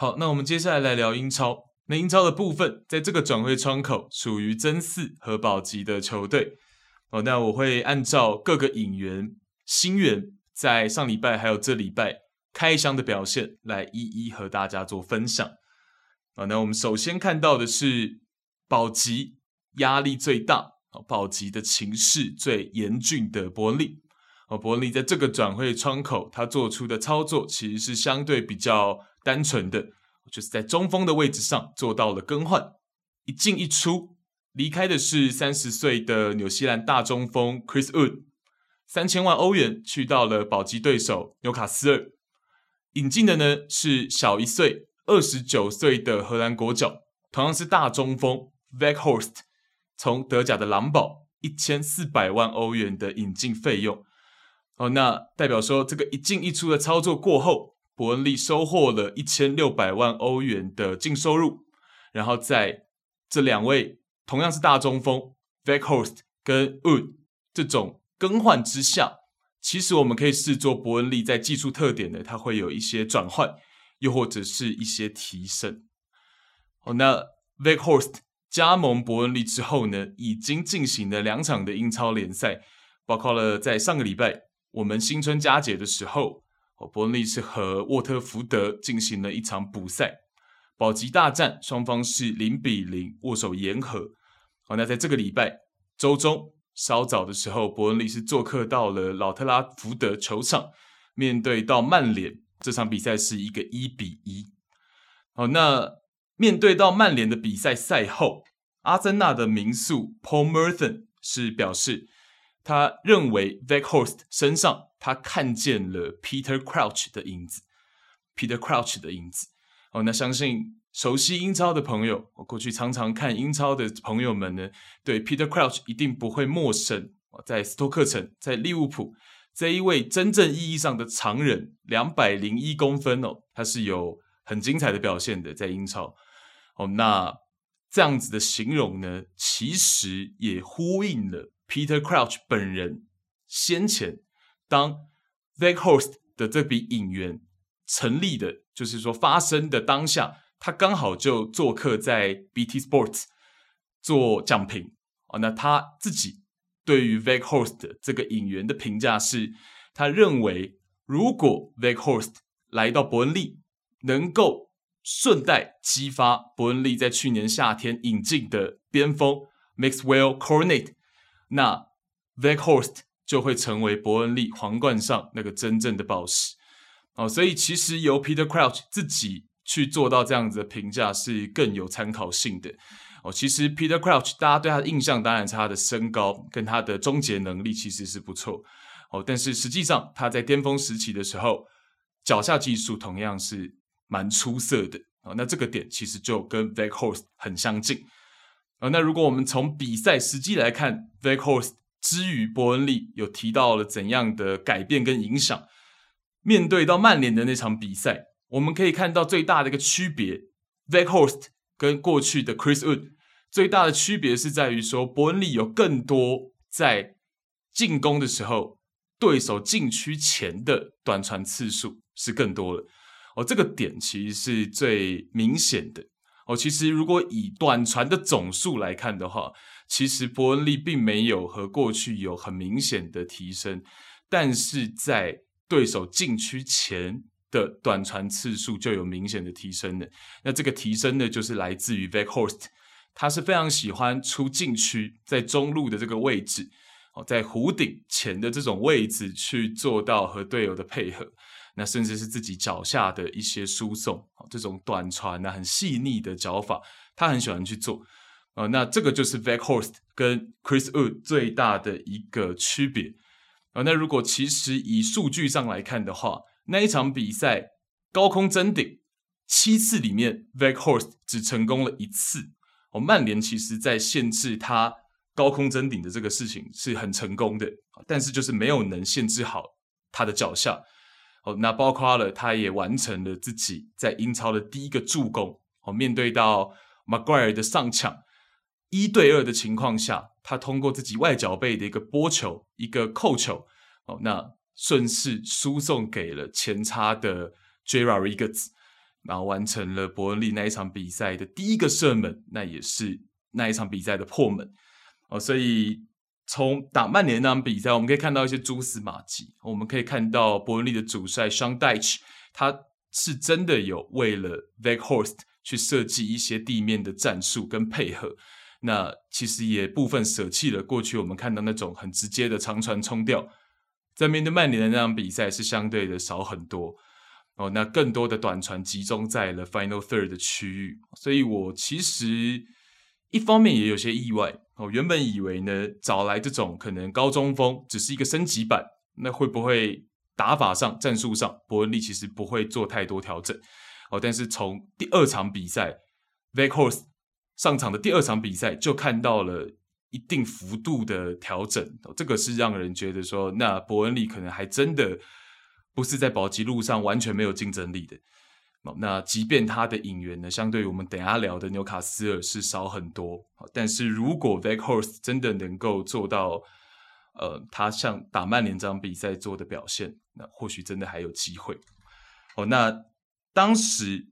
好，那我們接下來來聊英超。那英超的部分，在這個轉會窗口，屬於爭四和保級的球隊。哦，那我會按照各個引援新援在上禮拜還有這禮拜開箱的表現，來一一和大家做分享。啊，那我們首先看到的是保級壓力最大、保級的情勢最嚴峻的伯恩利。哦，伯恩利在這個轉會窗口，他做出的操作其實是相對比較單純的，就是在中鋒的位置上做到了更換，一進一出，離開的是三十歲的紐西蘭大中鋒 Chris Wood，三千萬歐元去到了保級對手紐卡斯爾，引進的呢是小一歲二十九歲的荷蘭國腳，同樣是大中鋒 Weghorst 從德甲的狼堡一千四百萬歐元的引進費用，哦，那代表說這個一進一出的操作過後。伯恩利收穫了一千六百萬歐元的淨收入，然後在這兩位同樣是大中鋒 Weghorst 跟 Wood 這種更換之下，其實我們可以視作伯恩利在技術特點呢，它會有一些轉換，又或者是一些提升。好，那 Weghorst 加盟伯恩利之後呢，已經進行了兩場的英超聯賽，包括了在上個禮拜我們新春佳節的時候。伯恩利是和沃特福德進行了一場補賽，保級大戰，雙方是零比零握手言和。好，那在這個禮拜週中稍早的時候，伯恩利是做客到了老特拉福德球場，面對到曼聯，這場比賽是一個一比一。好，那面對到曼聯的比賽賽後，阿森納的名宿 Paul Merson 是表示，他認為 Weghorst 身上。他看見了 Peter Crouch 的影子，Peter Crouch 的影子哦。那相信熟悉英超的朋友，我過去常常看英超的朋友們呢，對 Peter Crouch 一定不會陌生。在斯托克城，在利物浦這一位真正意義上的長人，兩百零一公分哦，他是有很精彩的表現的，在英超哦。那這樣子的形容呢，其實也呼應了 Peter Crouch 本人先前。當 Weghorst 的這筆引援成立的，就是說發生的當下，他剛好就做客在 BT Sports 做講評啊、哦。那他自己對於 Weghorst 這個引援的評價是，他認為如果 Weghorst 來到伯恩利，能夠順帶激發伯恩利在去年夏天引進的邊鋒 Maxwel Cornet，那 Weghorst。就會成為伯恩利皇冠上那個真正的寶石哦，所以其實由 Peter Crouch 自己去做到這樣子的評價是更有參考性的哦。其實 Peter Crouch 大家對他的印象，當然是他的身高跟他的終結能力其實是不錯哦，但是實際上他在巔峰時期的時候腳下技術同樣是蠻出色的哦。那這個點其實就跟 Weghorst 很相近啊、哦。那如果我們從比賽實際來看 Weghorst 至於伯恩利有提到了怎樣的改變跟影響？面對到曼聯的那場比賽，我們可以看到最大的一個區別，Veghost 跟過去的 Chris Wood 最大的區別是在於說，伯恩利有更多在進攻的時候，對手禁區前的短傳次數是更多了。哦，這個點其實是最明顯的。哦，其實如果以短傳的總數來看的話。其實伯恩利並沒有和過去有很明顯的提升，但是在對手禁區前的短傳次數就有明顯的提升了。那這個提升呢，就是來自於 Weghorst，他是非常喜歡出禁區，在中路的這個位置，哦，在弧頂前的這種位置去做到和隊友的配合，那甚至是自己腳下的一些輸送，這種短傳啊，很細膩的腳法，他很喜歡去做。呃、哦、那這個就是 Weghorst 跟 Chris Wood 最大的一個區別。呃、哦、那如果其實以數據上來看的話，那一場比賽高空爭頂七次裡面，Weghorst 只成功了一次。哦，曼聯其實在限制他高空爭頂的這個事情是很成功的，但是就是沒有能限制好他的腳下。哦，那包括了他也完成了自己在英超的第一個助攻。哦，面對到 Maguire 的上搶。一對二的情況下，他通過自己外腳背的一個撥球、一個扣球，哦，那順勢輸送給了前插的 Jay Rodriguez，然後完成了伯恩利那一場比賽的第一個射門，那也是那一場比賽的破門。哦，所以從打曼聯那場比賽，我們可以看到一些蛛絲馬跡，我們可以看到伯恩利的主帥 Sean Dyche，他是真的有為了 Weghorst 去設計一些地面的戰術跟配合。那其實也部分捨棄了過去我們看到那種很直接的長傳沖吊，在面對曼聯的那場比賽是相對的少很多哦。那更多的短傳集中在了 final third 的區域，所以我其實一方面也有些意外哦。原本以為呢，找來這種可能高中鋒只是一個升級版，那會不會打法上、戰術上，伯恩利其實不會做太多調整哦？但是從第二場比賽 Weghorst 上場的第二場比賽就看到了一定幅度的調整，哦，這個是讓人覺得說，那伯恩利可能還真的不是在保級路上完全沒有競爭力的。哦，那即便他的引援呢，相對於我們等下聊的紐卡斯爾是少很多，哦，但是如果 Weghorst 真的能夠做到，呃，他像打曼聯這場比賽做的表現，那或許真的還有機會。哦，那當時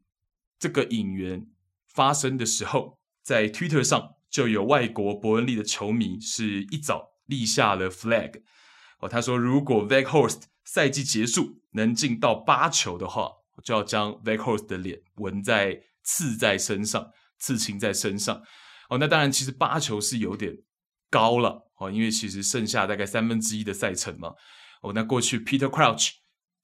這個引援發生的時候。在 Twitter 上就有外國伯恩利的球迷是一早立下了 flag 哦，他說如果 Weghorst 賽季結束能進到八球的話，我就要將 Weghorst 的臉紋在刺在身上，刺青在身上。哦，那當然其實八球是有點高了哦，因為其實剩下大概三分之一的賽程嘛。哦，那過去 Peter Crouch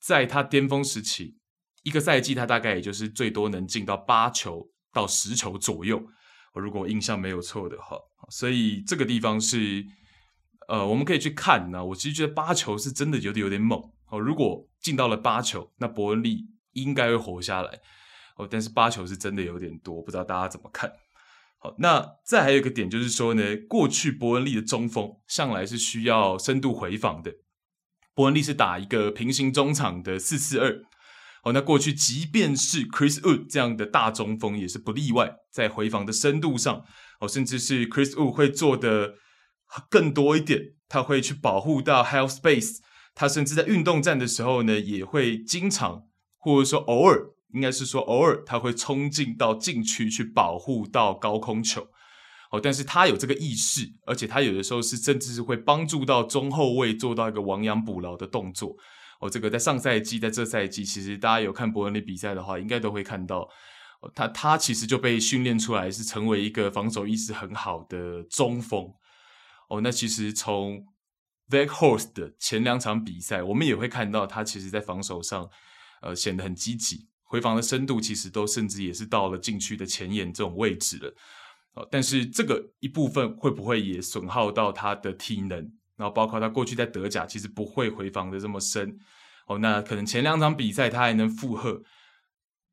在他巔峰時期，一個賽季他大概也就是最多能進到八球到十球左右。如果印象沒有錯的話，所以這個地方是，呃，我們可以去看呢，啊。我其實覺得八球是真的有點有點猛。哦，如果進到了八球，那伯恩利應該會活下來。哦，但是八球是真的有點多，不知道大家怎麼看？好，那再還有一個點就是說呢，過去伯恩利的中鋒向來是需要深度回防的。伯恩利是打一個平行中場的四四二。哦，那過去即便是 Chris Wood 這樣的大中鋒也是不例外，在回防的深度上，哦，甚至是 Chris Wood 會做得更多一點，他會去保護到 Half Space，他甚至在運動戰的時候呢，也會經常或者說偶爾，應該是說偶爾，他會衝進到禁區去保護到高空球，哦，但是他有這個意識，而且他有的時候是，甚至是會幫助到中後衛做到一個亡羊補牢的動作。哦，這個在上賽季，在這賽季，其實大家有看伯恩利比賽的話，應該都會看到，哦、他他其實就被訓練出來是成為一個防守意識很好的中鋒。哦，那其實從 Weghorst 的前兩場比賽，我們也會看到他其實在防守上，呃，顯得很積極，回防的深度其實都甚至也是到了禁區的前沿這種位置了。哦，但是這個一部分會不會也損耗到他的體能？然後包括他過去在德甲其實不會回防的這麼深，哦，那可能前兩場比賽他還能負荷，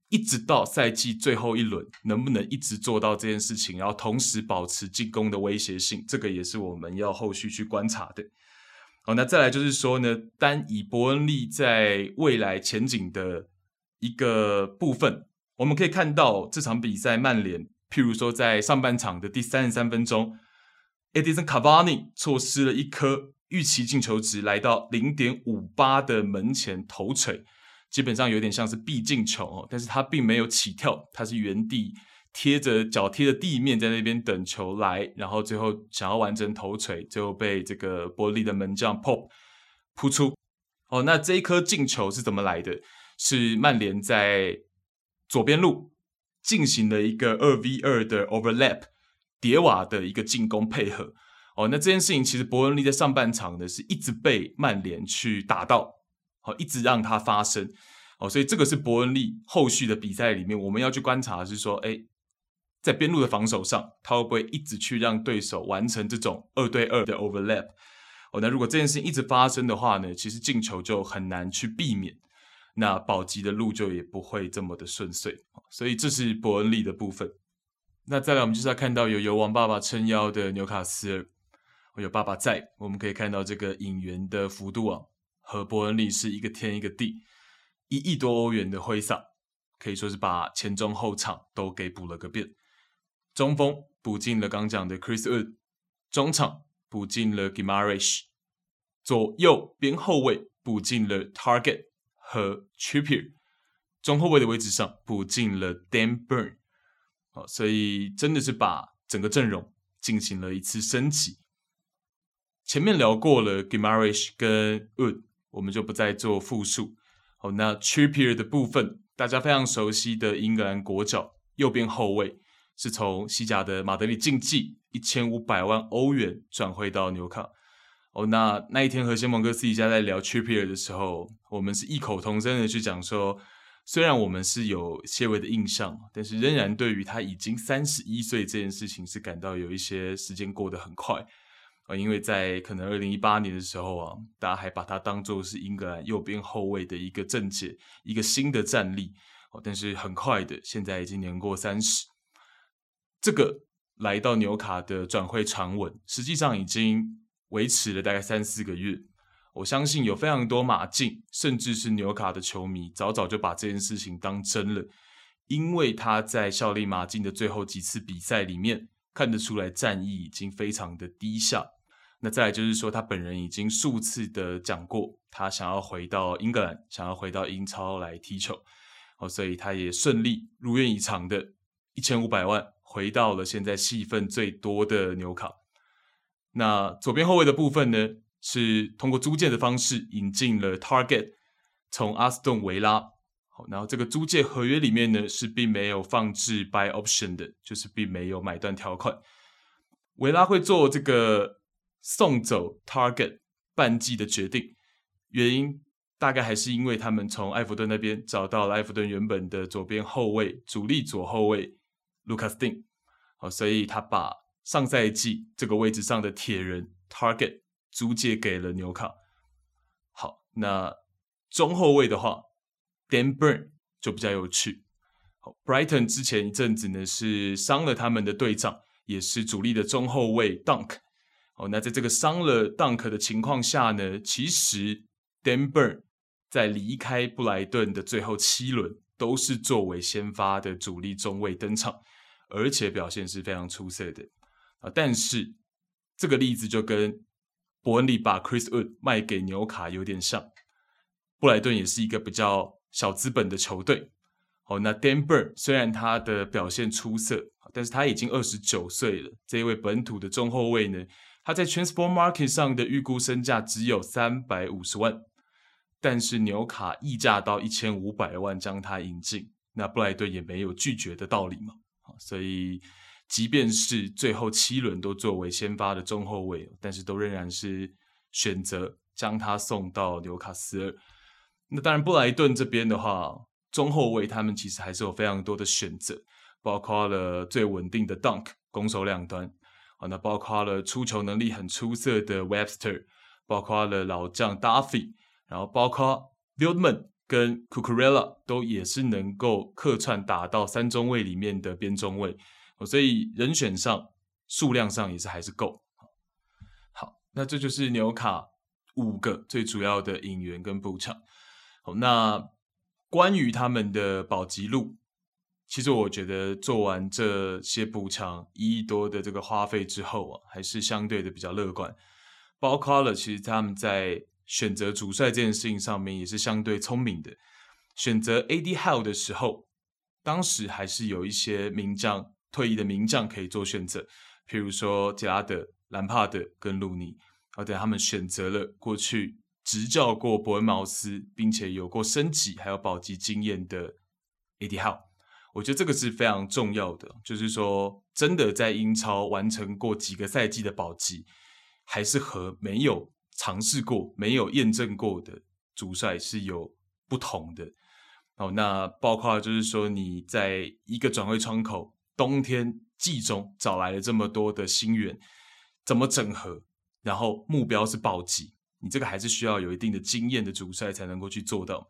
一直到賽季最後一輪能不能一直做到這件事情，然後同時保持進攻的威脅性，這個也是我們要後續去觀察的。哦，那再來就是說呢，單以伯恩利在未來前景的一個部分，我們可以看到這場比賽曼聯，譬如說在上半場的第三十三分鐘。Edison Cavani 錯失了一顆預期進球值來到零點五八的門前頭槌，基本上有點像是必進球哦，但是他並沒有起跳，他是原地貼着腳貼着地面在那邊等球來，然後最後想要完成頭錘，最後被這個伯恩利的門將 pop 撲出。哦，那這一顆進球是怎麼來的？是曼聯在左邊路進行了一個二 v 二的 overlap。疊瓦的一個進攻配合，哦，那這件事情其實伯恩利在上半場呢是一直被曼聯去打到，哦，一直讓他發生，哦，所以這個是伯恩利後續的比賽裡面我們要去觀察的，是說，哎，在邊路的防守上，他會不會一直去讓對手完成這種二對二的 overlap？哦，那如果這件事情一直發生的話呢，其實進球就很難去避免，那保級的路就也不會這麼的順遂，所以這是伯恩利的部分。那再來，我們就是要看到有油王爸爸撐腰的紐卡斯爾，有爸爸在，我們可以看到這個引援的幅度啊，和伯恩利是一個天一個地。一億多歐元的揮灑，可以說是把前中後場都給補了個遍。中鋒補進了剛講的 Chris Wood，中場補進了 Guimarães，左右邊後衛補進了 Targett 和 Trippier，中後衛的位置上補進了 Dan Burn。好、哦，所以真的是把整個陣容進行了一次升級。前面聊過了 Gimarish 跟 Wood，我們就不再做複述。好、哦，那 Trippier 的部分，大家非常熟悉的英格蘭國腳，右邊後衛，是從西甲的馬德里競技一千五百萬歐元轉會到紐卡。哦，那那一天和西蒙哥私底下在聊 Trippier 的時候，我們是異口同聲的去講說。雖然我們是有些微的印象，但是仍然對於他已經三十一歲這件事情是感到有一些時間過得很快啊！因為在可能二零一八年的時候啊，大家還把他當做是英格蘭右邊後衛的一個正解、一個新的戰力，但是很快的，現在已經年過三十，這個來到紐卡的轉會傳聞，實際上已經維持了大概三四個月。我相信有非常多馬競，甚至是紐卡的球迷早早就把這件事情當真了，因為他在效力馬競的最後幾次比賽裡面，看得出來戰意已經非常的低下。那再來就是說，他本人已經數次的講過，他想要回到英格蘭，想要回到英超來踢球。哦，所以他也順利如願以償的，一千五百萬回到了現在戲份最多的紐卡。那左邊後衛的部分呢？是通過租借的方式引進了 Target，從阿斯頓維拉。好，然後這個租借合約裡面呢，是並沒有放置 Buy Option 的，就是並沒有買斷條款。維拉會做這個送走 Target 半季的決定，原因大概還是因為他們從埃弗頓那邊找到了埃弗頓原本的左邊後衛主力左後衛 Lucas Digne 好，所以他把上賽季這個位置上的鐵人 Target。租借給了紐卡。好，那中後衛的話，Dan Burn 就比較有趣。好，Brighton 之前一陣子呢是傷了他們的隊長，也是主力的中後衛 Dunk。哦，那在這個傷了 Dunk 的情況下呢，其實 Dan Burn 在離開布萊頓的最後七輪都是作為先發的主力中衛登場，而且表現是非常出色的。啊，但是這個例子就跟伯恩利把 Chris Wood 賣給紐卡有點像，布萊頓也是一個比較小資本的球隊。好，那 Dan Burn 雖然他的表現出色，但是他已經二十九歲了。這一位本土的中後衛呢，他在 Transport Market 上的預估身價只有三百五十萬，但是紐卡溢價到一千五百萬將他引進，那布萊頓也沒有拒絕的道理嘛。所以。即便是最後七輪都作為先發的中後衛，但是都仍然是選擇將他送到紐卡斯爾。那當然，布萊頓這邊的話，中後衛他們其實還是有非常多的選擇，包括了最穩定的 Dunk，攻守兩端；啊，那包括了出球能力很出色的 Webster，包括了老將 Duffy，然後包括 Buildman 跟 Cucurella 都也是能夠客串打到三中衛裡面的邊中衛。所以人選上數量上也是還是夠。好，那這就是紐卡五個最主要的引援、跟補強。好，那關於他們的保級路，其實我覺得做完這些補強一億多的這個花費之後啊，還是相對的比較樂觀。包括了其實他們在選擇主帥這件事情上面也是相對聰明的，選擇 Eddie Howe 的時候，當時還是有一些名將。退役的名將可以做選擇，譬如說傑拉德、蘭帕德跟魯尼啊，對、哦、他們選擇了過去執教過伯恩茅斯，並且有過升級還有保級經驗的艾迪·豪。我覺得這個是非常重要的。就是說，真的在英超完成過幾個賽季的保級，還是和沒有嘗試過、沒有驗證過的主帥是有不同的。哦，那包括就是說，你在一個轉會窗口。冬天季中找來了這麼多的新援，怎麼整合？然後目標是保級，你這個還是需要有一定的經驗的主帥才能夠去做到。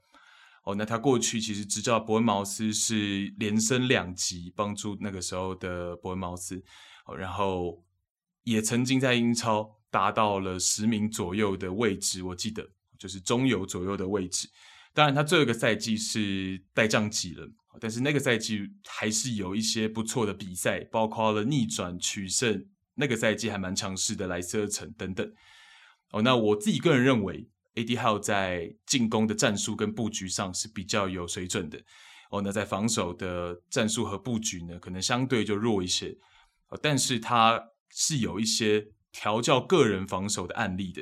哦，那他過去其實執教伯恩茅斯是連升兩級，幫助那個時候的伯恩茅斯。哦，然後也曾經在英超達到了十名左右的位置，我記得就是中游左右的位置。當然，他最後一個賽季是帶降級了，但是那個賽季還是有一些不錯的比賽，包括了逆轉取勝。那個賽季還蠻強勢的，萊斯特城等等。哦，那我自己個人認為，AD 號在進攻的戰術跟布局上是比較有水準的。哦，那在防守的戰術和布局呢，可能相對就弱一些。但是他是有一些調教個人防守的案例的。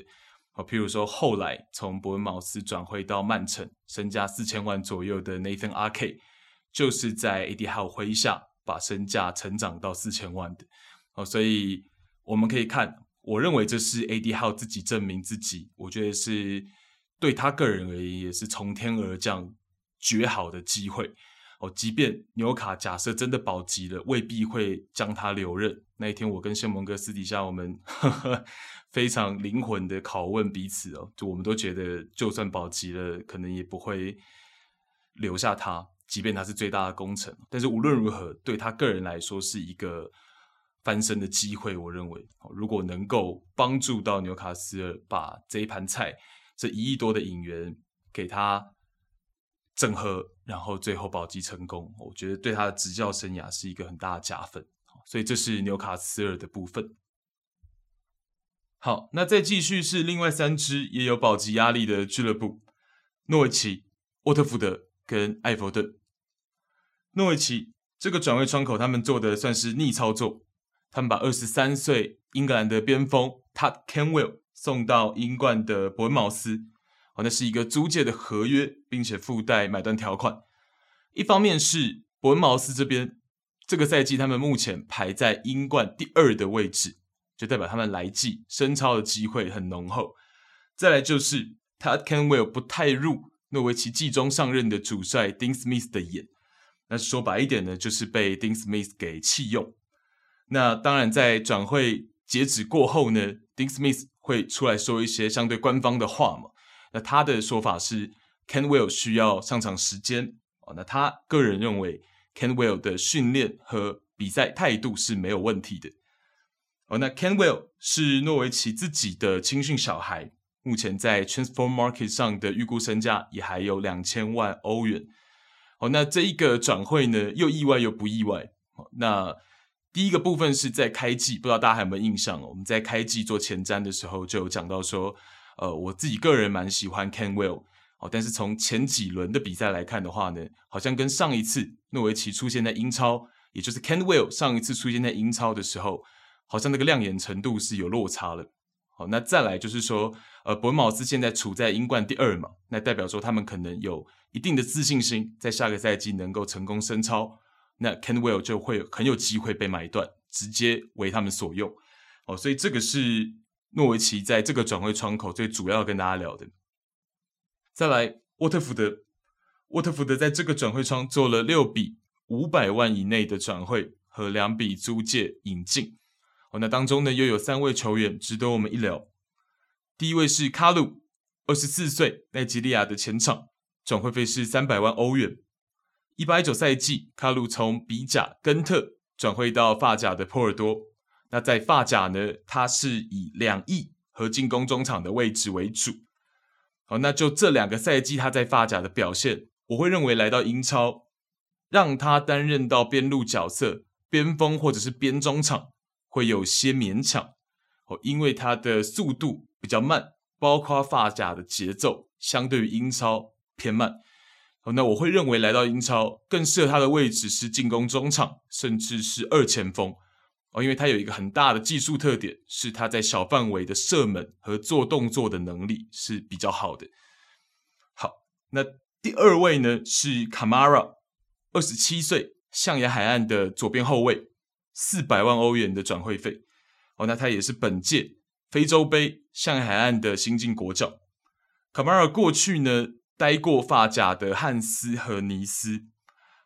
哦，譬如說，後來從伯恩茅斯轉會到曼城，身價四千萬左右的 Nathan Aké，就是在 Eddie Howe 麾下把身價成長到四千萬的。哦，所以我們可以看，我認為這是 Eddie Howe 自己證明自己，我覺得是對他個人而言也是從天而降絕好的機會。哦，即便紐卡假設真的保級了，未必會將他留任。那一天，我跟謝蒙哥私底下我們 非常靈魂的拷問彼此哦，就我們都覺得，就算保級了，可能也不會留下他。即便他是最大的功臣，但是無論如何，對他個人來說是一個翻身的機會。我認為，如果能夠幫助到紐卡斯爾把這一盤菜，這一億多的引援給他，整合，然後最後保級成功，我覺得對他的執教生涯是一個很大的加分。所以這是紐卡斯爾的部分。好，那再繼續是另外三支也有保級壓力的俱樂部：諾維奇、沃特福德跟艾佛頓。諾維奇這個轉位窗口，他們做的算是逆操作，他們把二十三歲英格蘭的邊鋒塔肯威送到英冠的伯恩茅斯。那是一個租借的合約，並且附帶買斷條款。一方面是伯恩茅斯這邊，這個賽季他們目前排在英冠第二的位置，就代表他們來季升超的機會很濃厚。再來就是 Todd Cantwell 不太入諾維奇季中上任的主帥丁斯密斯的眼，那說白一點呢，就是被丁斯密斯給棄用。那當然在轉會截止過後呢，丁斯密斯會出來說一些相對官方的話嘛。那他的說法是，Cantwell 需要上場時間哦。那他個人認為，Cantwell 的訓練和比賽態度是沒有問題的。哦，那 Cantwell 是諾維奇自己的青訓小孩，目前在 Transfer Market 上的預估身價也還有兩千萬歐元。哦，那這一個轉會呢，又意外又不意外。那第一個部分是在開季，不知道大家有沒有印象？我們在開季做前瞻的時候就有講到說。呃，我自己個人蠻喜歡 Cantwell，哦、但是從前幾輪的比賽來看的話呢，好像跟上一次諾維奇出現在英超，也就是 Cantwell 上一次出現在英超的時候，好像那個亮眼程度是有落差了。好，哦，那再來就是說，呃，伯恩茅斯現在處在英冠第二嘛，那代表說他們可能有一定的自信心，在下個賽季能夠成功升超，那 Cantwell 就會很有機會被買斷，直接為他們所用。好，哦，所以這個是。諾維奇在這個轉會窗口，最主要跟大家聊的。再來沃特福德。沃特福德在這個轉會窗做了六筆五百萬以內的轉會和兩筆租借引進，哦，那當中呢又有三位球員值得我們一聊。第一位是卡魯，二十四歲，奈及利亞的前場，轉會費是三百萬歐元。一八一九賽季，卡魯從比甲根特轉會到法甲的波爾多。那在法甲呢，他是以兩翼和進攻中場的位置為主。好，那就這兩個賽季他在法甲的表現，我會認為來到英超，讓他擔任到邊路角色、邊鋒或者是邊中場會有些勉強。哦，因為他的速度比較慢，包括法甲的節奏相對於英超偏慢。好，那我會認為來到英超更適合他的位置是進攻中場，甚至是二前鋒。哦，因為他有一個很大的技術特點，是他在小範圍的射門和做動作的能力是比較好的。好，那第二位呢是卡馬拉，二十七歲，象牙海岸的左邊後衛，四百萬歐元的轉會費。哦，那他也是本屆非洲杯象牙海岸的新晉國腳。卡馬拉過去呢待過法甲的漢斯和尼斯，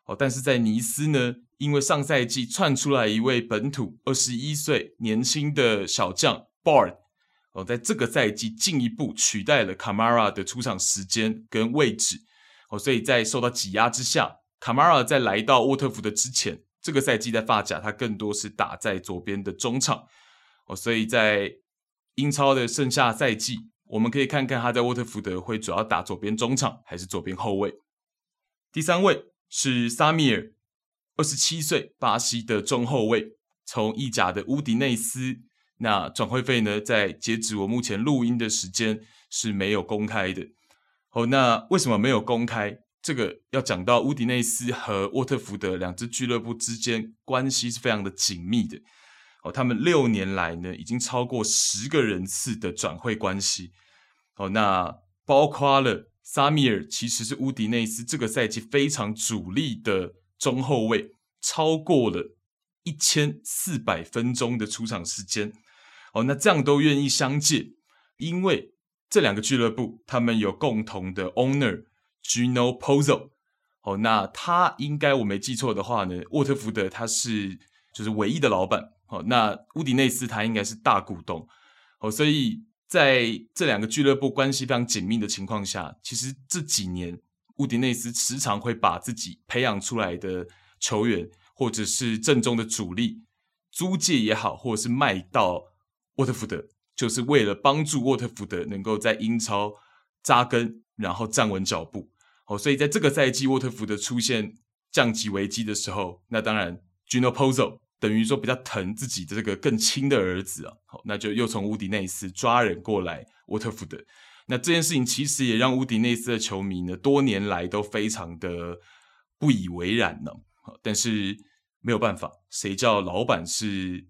哦，但是在尼斯呢。因為上賽季竄出來一位本土二十一歲年輕的小將 Bard，哦，在這個賽季進一步取代了 Kamara 的出場時間跟位置，哦，所以在受到擠壓之下，Kamara 在來到沃特福德之前，這個賽季在法甲他更多是打在左邊的中場，哦，所以在英超的剩下賽季，我們可以看看他在沃特福德會主要打左邊中場還是左邊後衛？第三位是薩米爾。二十七歲，巴西的中後衛，從意甲的烏迪內斯，那轉會費呢？在截止我目前錄音的時間是沒有公開的。哦，那為什麼沒有公開？這個要講到烏迪內斯和沃特福德兩支俱樂部之間關係是非常的緊密的。哦，他們六年來呢，已經超過十個人次的轉會關係。哦，那包括了薩米爾，其實是烏迪內斯這個賽季非常主力的。中後衛超過了一千四百分鐘的出場時間，哦、oh,，那這樣都願意相借，因為這兩個俱樂部他們有共同的 owner Gino Pozzo，哦，oh, 那他應該我沒記錯的話呢，沃特福德他是就是唯一的老闆，哦、oh,，那烏迪內斯他應該是大股東，哦、oh,，所以在這兩個俱樂部關係非常緊密的情況下，其實這幾年。烏迪內斯時常會把自己培養出來的球員，或者是陣中的主力租借也好，或者是賣到沃特福德，就是為了幫助沃特福德能夠在英超扎根，然後站穩腳步。哦，所以在這個賽季沃特福德出現降級危機的時候，那當然 Gino Pozzo 等於說比較疼自己的這個更親的兒子啊，哦，那就又從烏迪內斯抓人過來沃特福德。那這件事情其實也讓烏迪內斯的球迷呢，多年來都非常的不以為然呢、啊。但是沒有辦法，誰叫老闆是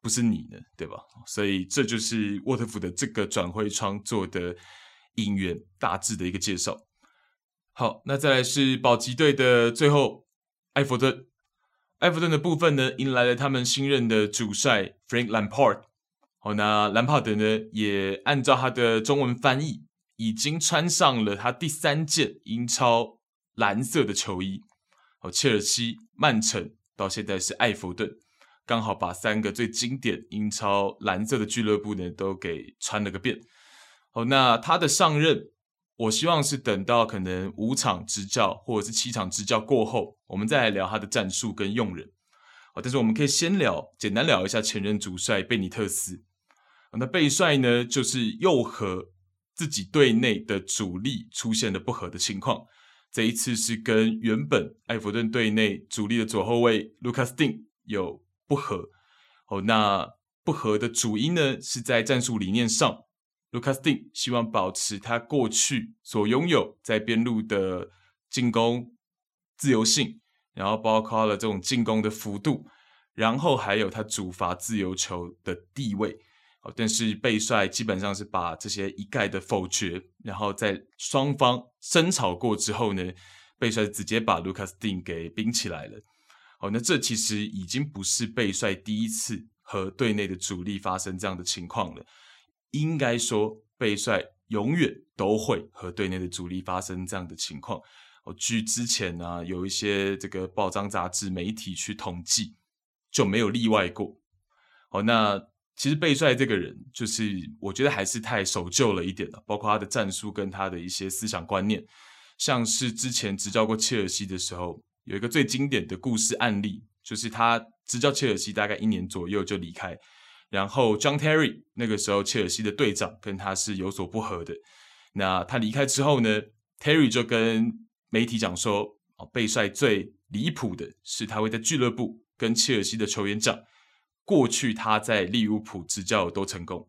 不是你呢？對吧？所以這就是沃特福德這個轉會窗做的引援大致的一個介紹。好，那再來是保級隊的最後，艾佛頓。艾佛頓的部分呢，迎來了他們新任的主帥 Frank Lampard。哦，那蘭帕德呢？也按照他的中文翻譯，已經穿上了他第三件英超藍色的球衣。哦，切爾西、曼城到現在是艾佛頓，剛好把三個最經典英超藍色的俱樂部呢都給穿了個遍。哦，那他的上任，我希望是等到可能五場執教或者是七場執教過後，我們再來聊他的戰術跟用人。哦，但是我們可以先聊，簡單聊一下前任主帥貝尼特斯。那貝帥呢，就是又和自己隊內的主力出現了不合的情況。這一次是跟原本艾佛頓隊內主力的左後衛盧卡斯汀有不合。哦，那不合的主因呢，是在戰術理念上，盧卡斯汀希望保持他過去所擁有在邊路的進攻自由性，然後包括了這種進攻的幅度，然後還有他主罰自由球的地位。但是貝帥基本上是把這些一概的否決，然後在雙方爭吵過之後呢，貝帥直接把盧卡斯汀給冰起來了。好、哦，那這其實已經不是貝帥第一次和隊內的主力發生這樣的情況了。應該說，貝帥永遠都會和隊內的主力發生這樣的情況。哦，據之前呢、啊，有一些這個報章雜志媒體去統計，就沒有例外過。好、哦，那。其實貝帥這個人，就是我覺得還是太守舊了一點的，包括他的戰術跟他的一些思想觀念。像是之前執教過切爾西的時候，有一個最經典的故事案例，就是他執教切爾西大概一年左右就離開，然後 John Terry 那個時候切爾西的隊長跟他是有所不合的。那他離開之後呢，Terry 就跟媒體講說：“哦，貝帥最離譜的是他會在俱樂部跟切爾西的球員講。”過去他在利物浦執教都成功，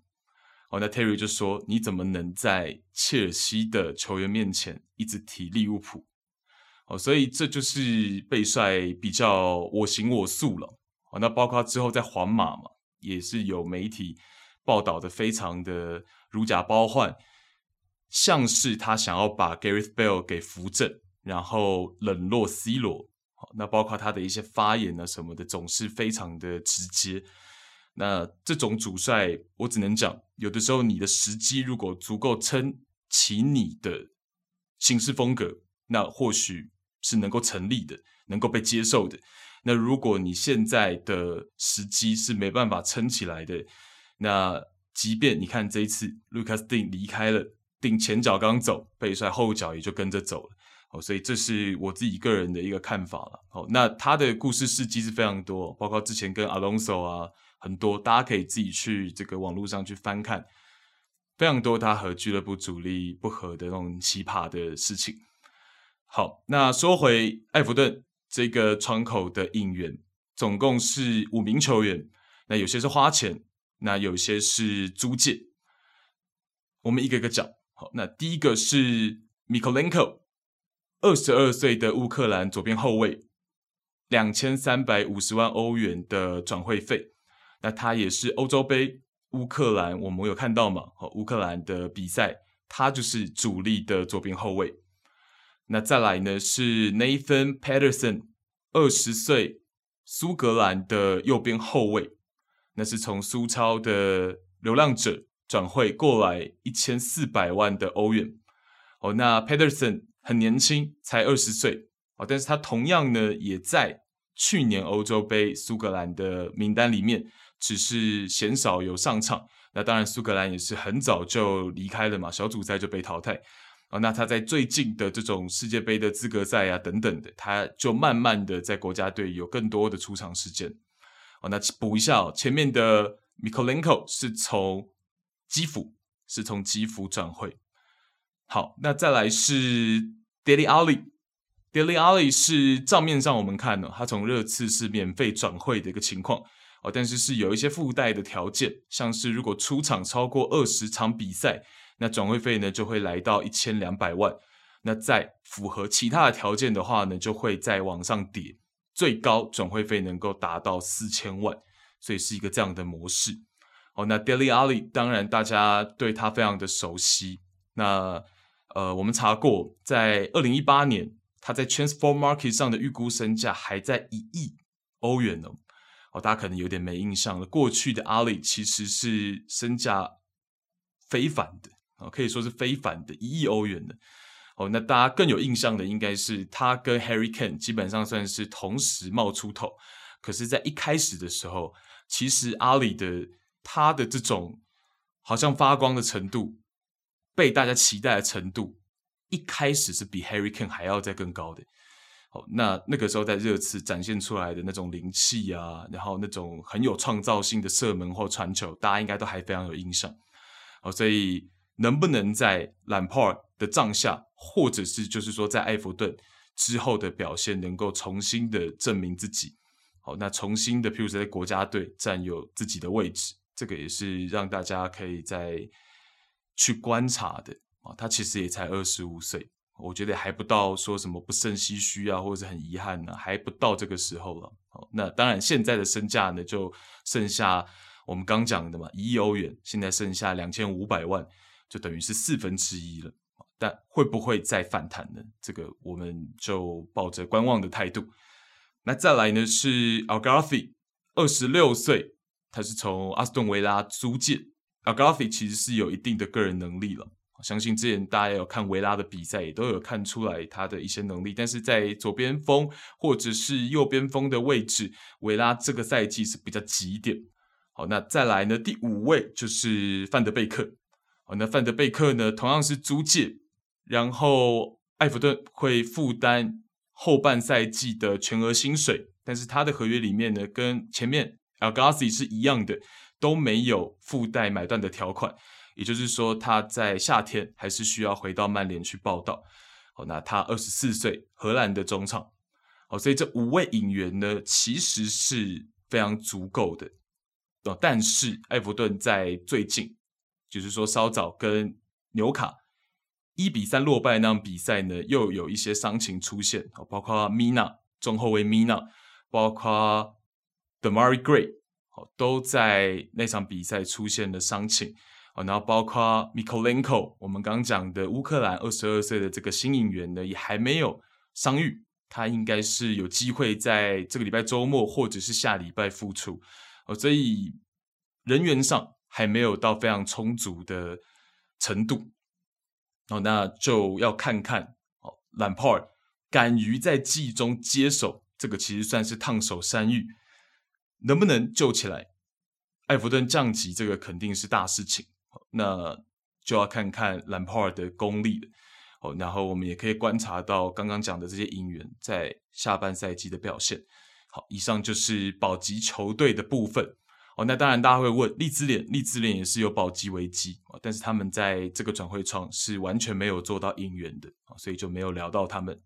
哦、oh,，那 Terry 就說：“你怎麼能在切爾西的球員面前一直提利物浦？”哦、oh,，所以這就是貝帥比較我行我素了。哦、oh,，那包括他之後在皇馬嘛，也是有媒體報道的，非常的如假包換，像是他想要把 Gareth Bale 給扶正，然後冷落 C 羅。好，那包括他的一些發言啊什麼的，總是非常的直接。那這種主帥，我只能講，有的時候你的時機如果足夠撐起你的行事風格，那或許是能夠成立的，能夠被接受的。那如果你現在的時機是沒辦法撐起來的，那即便你看這一次，盧卡斯汀離開了，汀前腳剛走，貝帥後腳也就跟着走了。哦，所以這是我自己個人的一個看法了。哦，那他的故事事跡是非常多，包括之前跟 Alonso 啊很多，大家可以自己去這個網絡上去翻看，非常多他和俱樂部主力不合的那種奇葩的事情。好，那說回艾佛頓這個窗口的引援，總共是五名球員，那有些是花錢，那有些是租借，我們一個個講。好，哦，那第一個是 Mikelinko 二十二歲的烏克蘭左邊後衛，兩千三百五十萬歐元的轉會費。那他也是歐洲盃烏克蘭，我們有看到嘛？哦，烏克蘭的比賽，他就是主力的左邊後衛。那再來呢是 Nathan Patterson，二十歲蘇格蘭的右邊後衛，那是從蘇超的流浪者轉會過來一千四百萬的歐元。哦，那 Patterson。很年輕，才二十歲啊！但是他同樣呢，也在去年歐洲杯蘇格蘭的名單裡面，只是鮮少有上場。那當然，蘇格蘭也是很早就離開了嘛，小組賽就被淘汰啊、哦。那他在最近的這種世界杯的資格賽啊等等的，他就慢慢的在國家隊有更多的出場時間啊、哦。那補一下哦，前面的 Mikolenko 是從基輔，是從基輔轉會。好，那再來是。德里阿里，德里阿里是賬面上我們看呢、哦，他從熱刺是免費轉會的一個情況哦，但是是有一些附帶的條件，像是如果出場超過二十場比賽，那轉會費呢就會來到一千兩百萬，那再符合其他的條件的話呢，就會再往上疊，最高轉會費能夠達到四千萬，所以是一個這樣的模式。哦，那德里阿里當然大家對他非常的熟悉，那。呃，我們查過，在二零一八年，他在 Transform Market 上的預估身價還在一億歐元呢，哦。哦，大家可能有點沒印象了。過去的阿里其實是身價非凡的，哦，可以說是非凡的一億歐元的。哦，那大家更有印象的應該是他跟 Harry Kane 基本上算是同時冒出頭。可是，在一開始的時候，其實阿里的他的這種好像發光的程度。被大家期待的程度，一開始是比 Harry Kane 還要再更高的。好，那那個時候在熱刺展現出來的那種靈氣啊，然後那種很有創造性的射門或傳球，大家應該都還非常有印象。好，所以能不能在蘭帕德的帳下，或者是就是說在埃弗頓之後的表現，能夠重新的證明自己？好，那重新的，譬如說在國家隊佔有自己的位置，這個也是讓大家可以在。去觀察的啊、哦，他其實也才二十五歲，我覺得還不到說什麼不勝唏噓啊，或者是很遺憾呢、啊，還不到這個時候了、啊哦。那當然現在的身價呢，就剩下我們剛講的嘛，一億歐元，現在剩下兩千五百萬，就等於是四分之一了、哦。但會不會再反彈呢？這個我們就抱着觀望的態度。那再來呢是 a l g a r t h 二十六歲，他是從阿斯頓維拉租借。El Ghazi 其實是有一定的個人能力了，相信之前大家有看維拉的比賽，也都有看出來他的一些能力。但是在左邊鋒或者是右邊鋒的位置，維拉這個賽季是比較急點。好，那再來呢，第五位就是范德貝克。好，那范德貝克呢，同樣是租借，然後埃弗頓會負擔後半賽季的全額薪水，但是他的合約裡面呢，跟前面 El Ghazi 是一樣的。都沒有附帶買斷的條款，也就是說，他在夏天還是需要回到曼聯去報道。那他二十四歲，荷蘭的中場。好，所以這五位演員呢，其實是非常足夠的。但是艾弗頓在最近，就是說稍早跟紐卡一比三落敗那樣比賽呢，又有一些傷情出現。包括米娜，中後衛米娜，包括 The Mari Gray。都在那場比賽出現的傷情，然後包括 Mikolenko，我們剛講的烏克蘭二十二歲的這個新引援呢，也還沒有傷癒，他應該是有機會在這個禮拜周末或者是下禮拜復出，所以人員上還沒有到非常充足的程度，那就要看看哦 Lampard 敢於在季中接手，這個其實算是燙手山芋。能不能救起來？埃弗頓降級這個肯定是大事情，那就要看看蘭帕德的功力了。哦，然後我們也可以觀察到剛剛講的這些引援在下半賽季的表現。好，以上就是保級球隊的部分。哦，那當然大家會問，利茲聯，利茲聯也是有保級危機，但是他們在這個轉會窗是完全沒有做到引援的，所以就沒有聊到他們。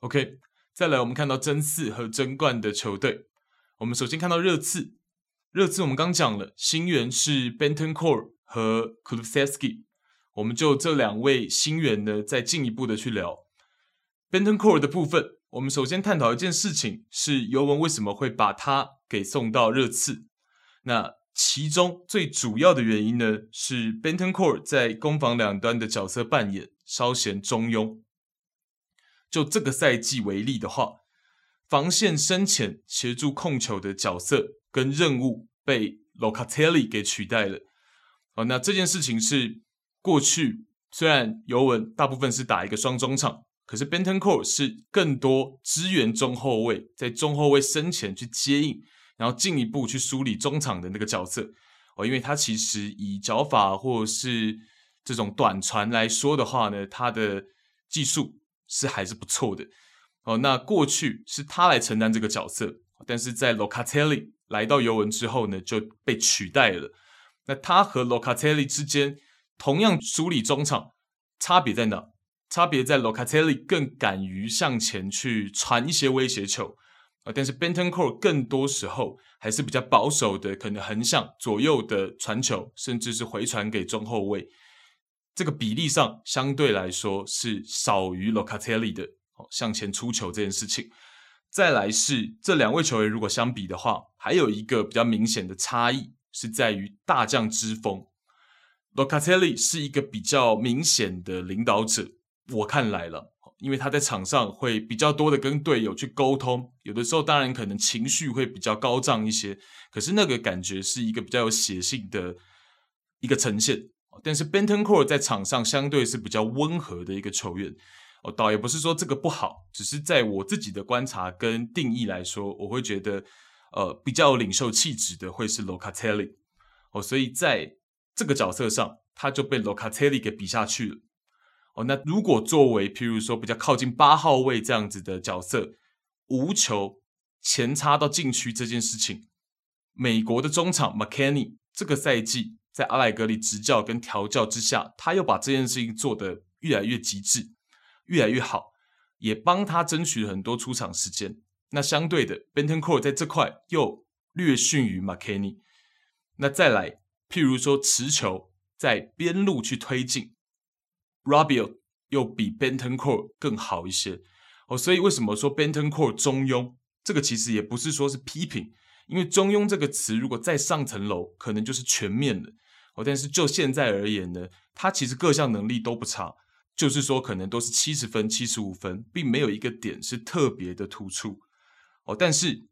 OK。再來，我們看到爭四和爭冠的球隊。我們首先看到熱刺，熱刺我們剛講了，新援是 Bentancur 和 Kulusevski。我們就這兩位新援呢，再進一步的去聊 Bentancur 的部分。我們首先探討一件事情，是尤文為什麼會把他給送到熱刺？那其中最主要的原因呢，是 Bentancur 在攻防兩端的角色扮演稍顯中庸。就這個賽季為例的話，防線身前協助控球的角色跟任務被 Locatelli 給取代了。哦，那這件事情是過去雖然尤文大部分是打一個雙中場，可是 Bentancur 是更多支援中後衛，在中後衛身前去接應，然後進一步去梳理中場的那個角色。哦，因為他其實以腳法或是這種短傳來說的話呢，他的技術。是還是不錯的，哦，那過去是他來承擔這個角色，但是在 Locatelli 來到尤文之後呢，就被取代了。那他和 Locatelli 之間同樣處理中場，差別在哪？差別在 Locatelli 更敢於向前去傳一些威脅球啊，但是 Bentancur 更多時候還是比較保守的，可能橫向左右的傳球，甚至是回傳給中後衛。這個比例上相對來說是少於 Locatelli 的向前出球這件事情。再來是這兩位球員如果相比的話，還有一個比較明顯的差異是在於大將之風。Locatelli 是一個比較明顯的領導者，我看來了，因為他在場上會比較多的跟隊友去溝通，有的時候當然可能情緒會比較高漲一些，可是那個感覺是一個比較有血性的一個呈現。但是 Bentancur 在場上相對是比較溫和的一個球員，哦，倒也不是說這個不好，只是在我自己的觀察跟定義來說，我會覺得，呃，比較有領袖氣質的會是 Locatelli，哦，所以在這個角色上，他就被 Locatelli 給比下去了，哦，那如果作為譬如說比較靠近八號位這樣子的角色，無球前插到禁區這件事情，美國的中場 McKennie 這個賽季。在阿萊格里執教跟調教之下，他又把這件事情做得越來越極致，越來越好，也幫他爭取了很多出場時間。那相對的，Bentancur 在這塊又略遜於 McKennie。那再來，譬如說持球在邊路去推進，Rabiot 又比 Bentancur 更好一些。哦，所以為什麼說 Bentancur 中庸？這個其實也不是說是批評，因為中庸這個詞如果再上層樓，可能就是全面了。但是就現在而言呢，他其實各項能力都不差，就是說可能都是七十分、七十五分，並沒有一個點是特別的突出。哦，但是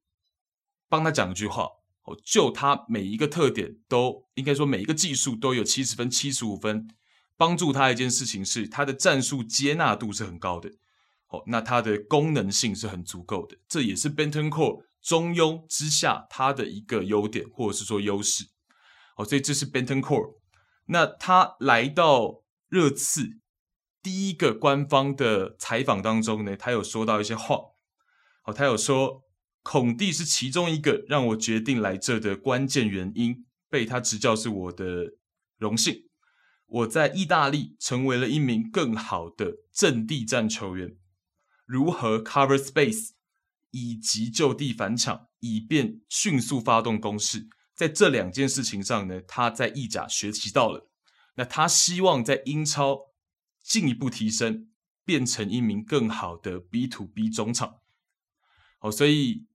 幫他講一句話，哦，就他每一個特點都應該說每一個技術都有七十分、七十五分，幫助他一件事情是他的戰術接納度是很高的。哦，那他的功能性是很足夠的，這也是 Benton Core 中庸之下，他的一個優點或者是說優勢。好，所以這是 Bentancur 那他來到熱刺第一個官方的採訪當中呢，他有說到一些話。好，他有說，孔蒂是其中一個讓我決定來這的關鍵原因。被他執教是我的榮幸。我在意大利成為了一名更好的陣地戰球員，如何 cover space，以及就地返場，以便迅速發動攻勢。在這兩件事情上呢，他在意甲學習到了，那他希望在英超進一步提升，變成一名更好的 B to B 中場。好，所以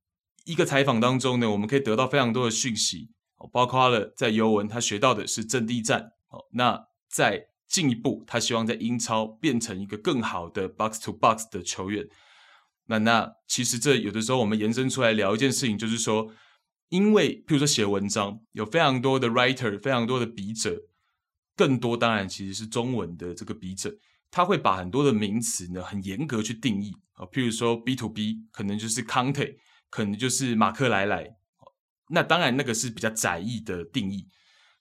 一個採訪當中呢，我們可以得到非常多的訊息，包括了在尤文他學到的是陣地戰。好，那再進一步，他希望在英超變成一個更好的 Box to Box 的球員。那那其實這有的時候我們延伸出來聊一件事情，就是說。因為，譬如說寫文章，有非常多的 writer，非常多的筆者，更多當然其實是中文的這個筆者，他會把很多的名詞呢很嚴格去定義啊，譬如說 B to B 可能就是 Conte 可能就是馬克萊萊，那當然那個是比較窄義的定義。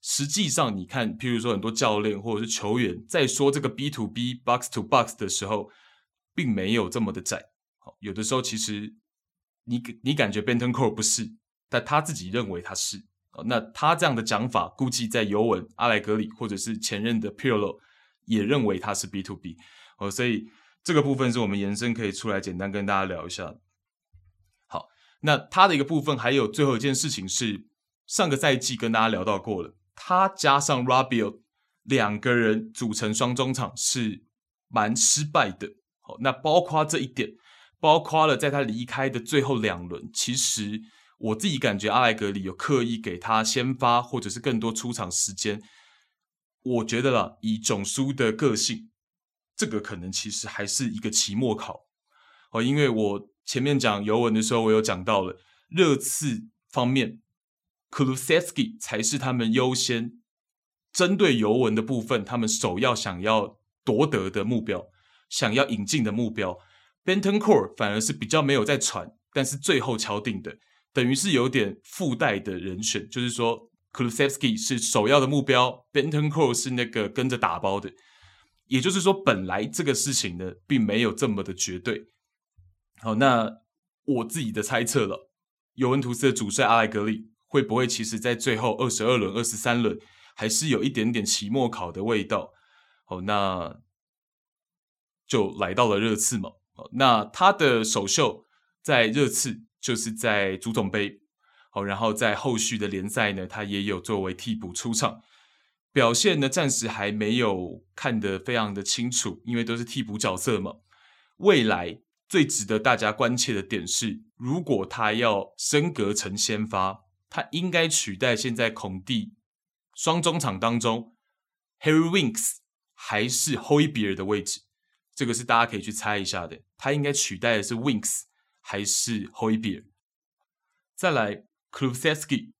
實際上，你看，譬如說很多教練或者是球員在說這個 B to B box to box 的時候，並沒有這麼的窄。有的時候其實你你感覺 Benton Core 不是。但他自己認為他是，那他這樣的講法，估計在尤文、阿萊格里或者是前任的皮爾洛也認為他是 B to B 哦，所以這個部分是我們延伸可以出來簡單跟大家聊一下。好，那他的一個部分還有最後一件事情是，上個賽季跟大家聊到過了，他加上拉比奧兩個人組成雙中場是蠻失敗的。好，那包括這一點，包括了在他離開的最後兩輪，其實。我自己感覺阿萊格里有刻意給他先發，或者是更多出場時間。我覺得啦，以總書的個性，這個可能其實還是一個期末考哦。因為我前面講尤文的時候，我有講到了熱刺方面，Kulusevski 才是他們優先，針對尤文的部分，他們首要想要奪得的目標，想要引進的目標。Bentancur 反而是比較沒有在傳，但是最後敲定的。等於是有點附帶的人選，就是說 Kulusevski 是首要的目標，Bentancur 是那個跟着打包的，也就是說，本來這個事情呢，並沒有這麼的絕對。好，那我自己的猜測了，尤文圖斯的主帥阿萊格里會不會其實在最後二十二輪、二十三輪，還是有一點點期末考的味道？哦，那就來到了熱刺嘛。哦，那他的首秀在熱刺。就是在足總盃，好，然後在後續的聯賽呢，他也有作為替補出場，表現呢暫時還沒有看得非常的清楚，因為都是替補角色嘛。未來最值得大家關切的點是，如果他要升格成先發，他應該取代現在孔蒂雙中場當中 Harry Winks 還是 Hojbjerg 的位置，這個是大家可以去猜一下的。他應該取代的是 Winks。還是霍伊別爾，再來 Kulusevski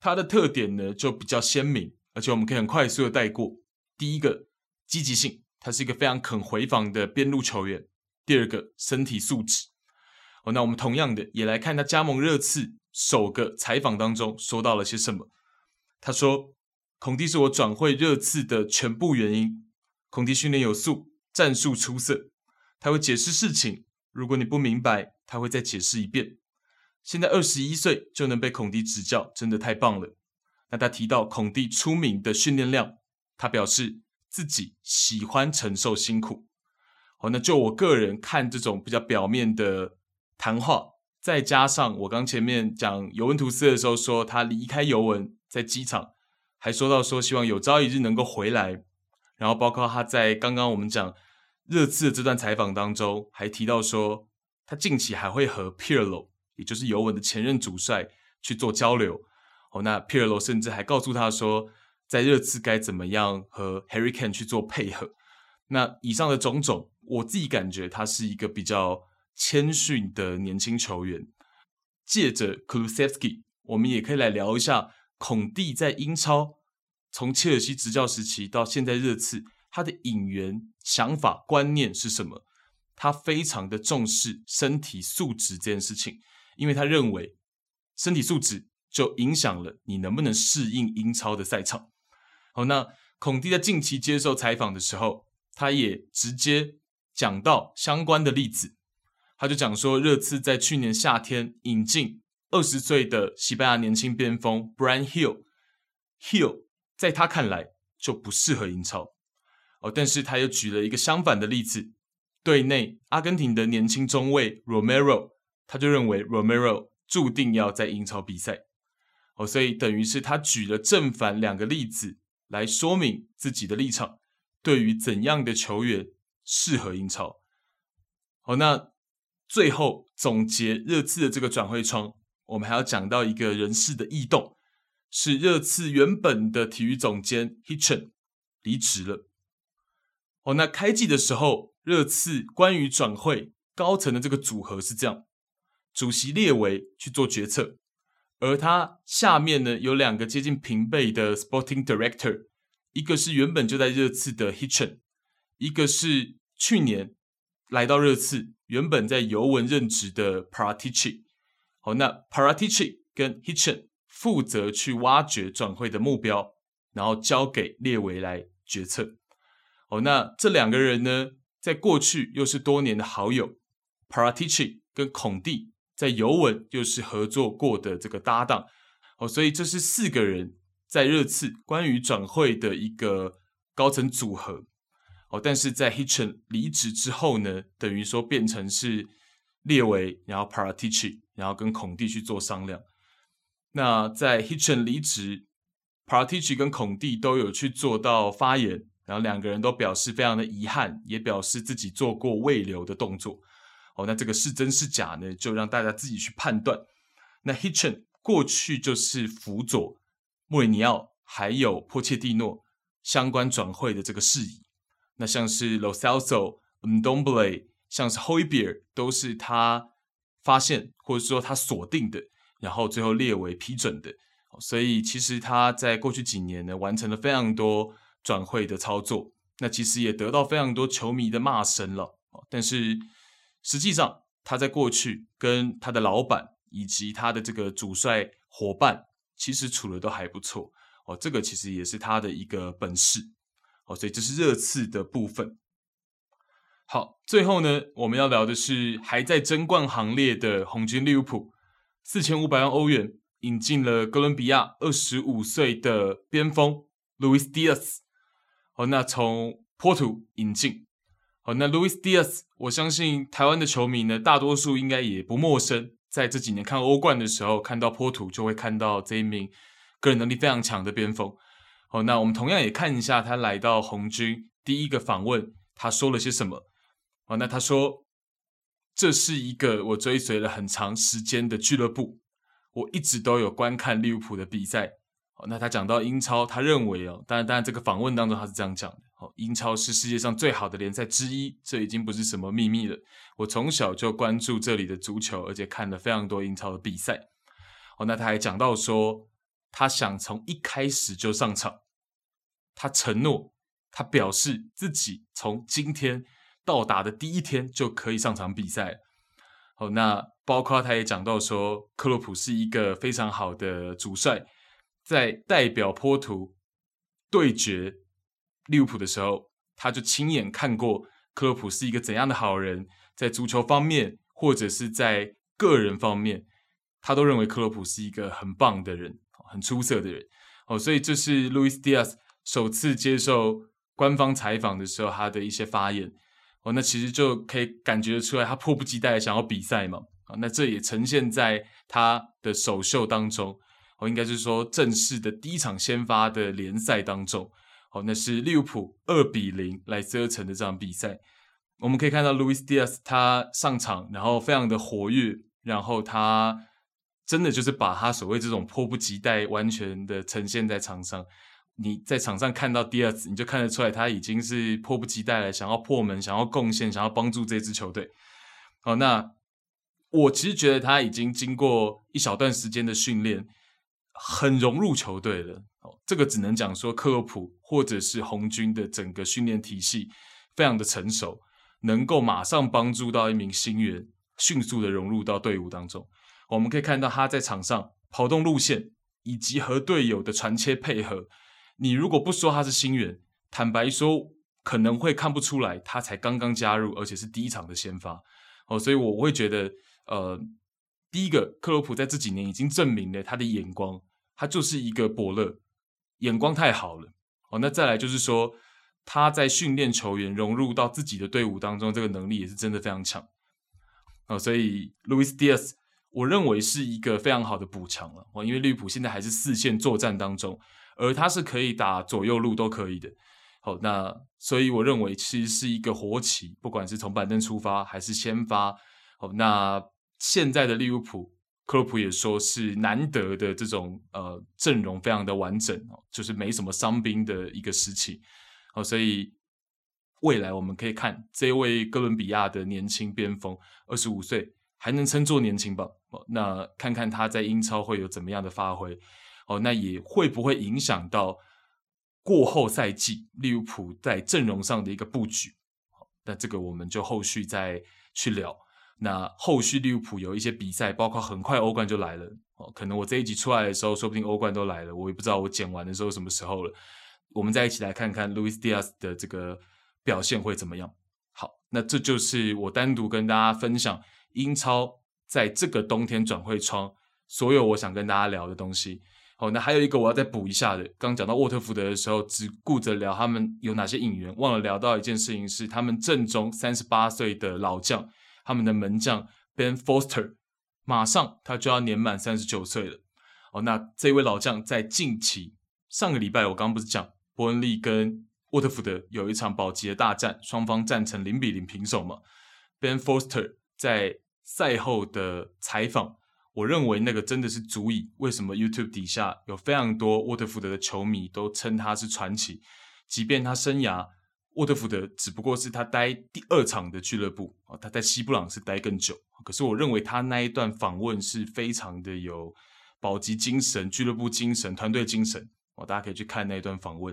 他的特點呢，就比較鮮明，而且我們可以很快速的帶過。第一個積極性，他是一個非常肯回防的邊路球員；第二個身體素質。哦，那我們同樣的也來看他加盟熱刺首個採訪當中說到了些什麼。他說：“孔蒂是我轉會熱刺的全部原因。孔蒂訓練有素，戰術出色，他會解釋事情。如果你不明白。”他會再解釋一遍。現在二十一歲就能被孔蒂指教，真的太棒了。那他提到孔蒂出名的訓練量，他表示自己喜歡承受辛苦。好，那就我個人看這種比較表面的談話，再加上我剛前面講尤文圖斯的時候說，說他離開尤文在機場還說到說希望有朝一日能夠回來，然後包括他在剛剛我們講熱刺的這段採訪當中還提到說。他近期還會和皮爾洛，也就是尤文的前任主帥去做交流。哦，oh，那皮爾洛甚至還告訴他說，在熱刺該怎麼樣和 Harry Kane 去做配合。那以上的種種，我自己感覺他是一個比較謙遜的年輕球員。借着 Kulusevski，我們也可以來聊一下孔蒂在英超從切爾西執教時期到現在熱刺，他的引援想法觀念是什麼？他非常的重視身體素質這件事情，因為他認為身體素質就影響了你能不能適應英超的賽場。好，那孔蒂在近期接受採訪的時候，他也直接講到相關的例子，他就講說熱刺在去年夏天引進二十歲的西班牙年輕邊鋒 Bryan Gil，Gil 在他看來就不適合英超。哦，但是他又舉了一個相反的例子。隊內，阿根廷的年輕中衛 Romero，他就認為 Romero 註定要在英超比賽，哦，所以等於是他舉了正反兩個例子來說明自己的立場，對於怎樣的球員適合英超。好、哦，那最後總結熱刺的這個轉會窗，我們還要講到一個人事的異動，是熱刺原本的體育總監 Hitchen 離職了。哦，那開季的時候。熱刺關於轉會高層的這個組合是這樣：主席列維去做決策，而他下面呢有兩個接近平輩的 Sporting Director，一個是原本就在熱刺的 Hitchen，一個是去年來到熱刺、原本在尤文任職的 Paratici。好，那 Paratici 跟 Hitchen 負責去挖掘轉會的目標，然後交給列維來決策。好，那這兩個人呢？在過去又是多年的好友，Paratici 跟孔蒂在尤文又是合作過的這個搭檔，哦，所以這是四個人在熱刺關於轉會的一個高層組合，哦，但是在 Hitchen 離職之後呢，等於說變成是列維，然後 Paratici，然後跟孔蒂去做商量。那在 Hitchen 離職，Paratici 跟孔蒂都有去做到發言。然後兩個人都表示非常的遺憾，也表示自己做過慰留的動作。哦，那這個是真是假呢？就讓大家自己去判斷。那 Hitchen 過去就是輔佐莫里尼奧，還有波切蒂諾相關轉會的這個事宜。那像是 Lo Celso Ndombele 像是 Hojbjerg 都是他發現或者說他鎖定的，然後最後列為批准的。所以其實他在過去幾年呢，完成了非常多。轉會的操作，那其實也得到非常多球迷的罵聲了。但是實際上，他在過去跟他的老板以及他的這個主帥伙伴，其實處得都還不錯。哦，這個其實也是他的一個本事。哦，所以這是熱刺的部分。好，最後呢，我們要聊的是還在爭冠行列的紅軍利物浦，四千五百萬歐元引進了哥倫比亞二十五歲的邊鋒 Luis Diaz。哦，那從波圖引進。哦，那 Luis Díaz，我相信台灣的球迷呢，大多數應該也不陌生。在這幾年看歐冠的時候，看到波圖就會看到這一名個人能力非常強的邊鋒。哦，那我們同樣也看一下他來到紅軍第一個訪問，他說了些什麼。哦，那他說：“這是一個我追隨了很長時間的俱樂部，我一直都有觀看利物浦的比賽。”那他講到英超，他認為哦，當然，當然，這個訪問當中他是這樣講的：哦，英超是世界上最好的聯賽之一，這已經不是什麼秘密了。我從小就關注這裡的足球，而且看了非常多英超的比賽。哦，那他還講到說，他想從一開始就上場，他承諾，他表示自己從今天到達的第一天就可以上場比賽。哦，那包括他也講到說，克洛普是一個非常好的主帥。在代表波圖對決利物浦的時候，他就親眼看過克洛普是一個怎樣的好人。在足球方面，或者是在個人方面，他都認為克洛普是一個很棒的人，很出色的人。哦，所以這是路易斯·迪亞斯首次接受官方採訪的時候，他的一些發言。哦，那其實就可以感覺得出來，他迫不及待的想要比賽嘛。啊，那這也呈現在他的首秀當中。哦，應該是說正式的第一場先發的聯賽當中，哦，那是利物浦比 0, 二比零來遮城的這場比賽。我們可以看到路易斯· a 斯他上場，然後非常的活躍，然後他真的就是把他所謂這種迫不及待完全的呈現在場上。你在場上看到迪 z 你就看得出來他已經是迫不及待了，想要破門，想要貢獻，想要幫助這支球隊。哦，那我其實覺得他已經經過一小段時間的訓練。很融入球隊的哦，這個只能講說克洛普或者是紅軍的整個訓練體系非常的成熟，能夠馬上幫助到一名新援迅速的融入到隊伍當中。我們可以看到他在場上跑動路線以及和隊友的傳切配合，你如果不說他是新援，坦白說可能會看不出來，他才剛剛加入，而且是第一場的先發哦，所以我會覺得呃。第一個，克洛普在這幾年已經證明了他的眼光，他就是一個伯樂，眼光太好了。哦，那再來就是說他在訓練球員融入到自己的隊伍當中，這個能力也是真的非常強。哦，所以 Louis Diaz，我認為是一個非常好的補強了。哦，因為利物浦現在還是四線作戰當中，而他是可以打左右路都可以的。哦，那所以我認為其實是一個活棋，不管是從板凳出發還是先發。哦，那。現在的利物浦，克洛普也說是難得的這種呃陣容非常的完整哦，就是沒什麼傷兵的一個時期哦，所以未來我們可以看這位哥倫比亞的年輕邊鋒，二十五歲還能稱作年輕吧？哦，那看看他在英超會有怎麼樣的發揮哦，那也會不會影響到過後賽季利物浦在陣容上的一個布局？哦，那這個我們就後續再去聊。那後續利物浦有一些比賽，包括很快歐冠就來了。哦，可能我這一集出來的時候，說不定歐冠都來了。我也不知道我剪完的時候什麼時候了。我們再一起來看看路易斯·迪亞斯的這個表現會怎麼樣。好，那這就是我單獨跟大家分享英超在這個冬天轉會窗所有我想跟大家聊的東西。哦，那還有一個我要再補一下的，剛講到沃特福德的時候，只顧着聊他們有哪些引援，忘了聊到一件事情是，他們陣中三十八歲的老將。他們的門將 Ben Foster 馬上他就要年滿三十九歲了。哦，那這位老將在近期上個禮拜，我剛剛不是講伯恩利跟沃特福德有一場保級的大戰，雙方戰成零比零平手嗎？Ben Foster 在賽後的採訪，我認為那個真的是足以。為什麼 YouTube 底下有非常多沃特福德的球迷都稱他是傳奇，即便他生涯。沃特福德只不過是他待第二場的俱樂部，他在西布朗是待更久。可是我認為他那一段訪問是非常的有保級精神、俱樂部精神、團隊精神。哦，大家可以去看那一段訪問。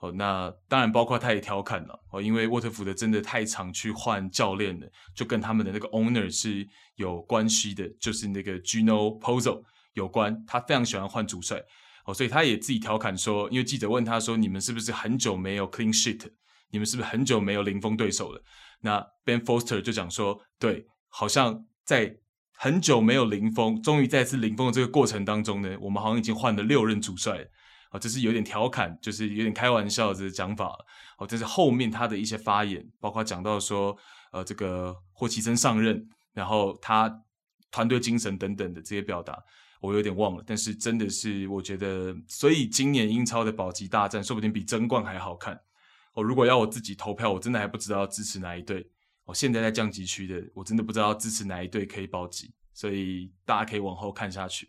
哦，那當然包括他也調侃了。哦，因為沃特福德真的太常去換教練了，就跟他們的那個 owner 是有關係的，就是那個 Gino Pozzo 有關。他非常喜歡換主帥。哦，所以他也自己調侃說，因為記者問他說：“你們是不是很久沒有 clean sheet？” 你們是不是很久沒有零封對手了？那 Ben Foster 就講說，對，好像在很久沒有零封，終於再次零封的這個過程當中呢，我們好像已經換了六任主帥了，啊，這是有點調侃，就是有點開玩笑的講法。哦，這、啊、是後面他的一些發言，包括講到說，呃，這個霍奇森上任，然後他團隊精神等等的這些表達，我有點忘了。但是真的是，我覺得，所以今年英超的保級大戰，說不定比爭冠還好看。我、哦、如果要我自己投票，我真的還不知道要支持哪一隊。我、哦、現在在降級區的，我真的不知道要支持哪一隊可以保級，所以大家可以往後看下去。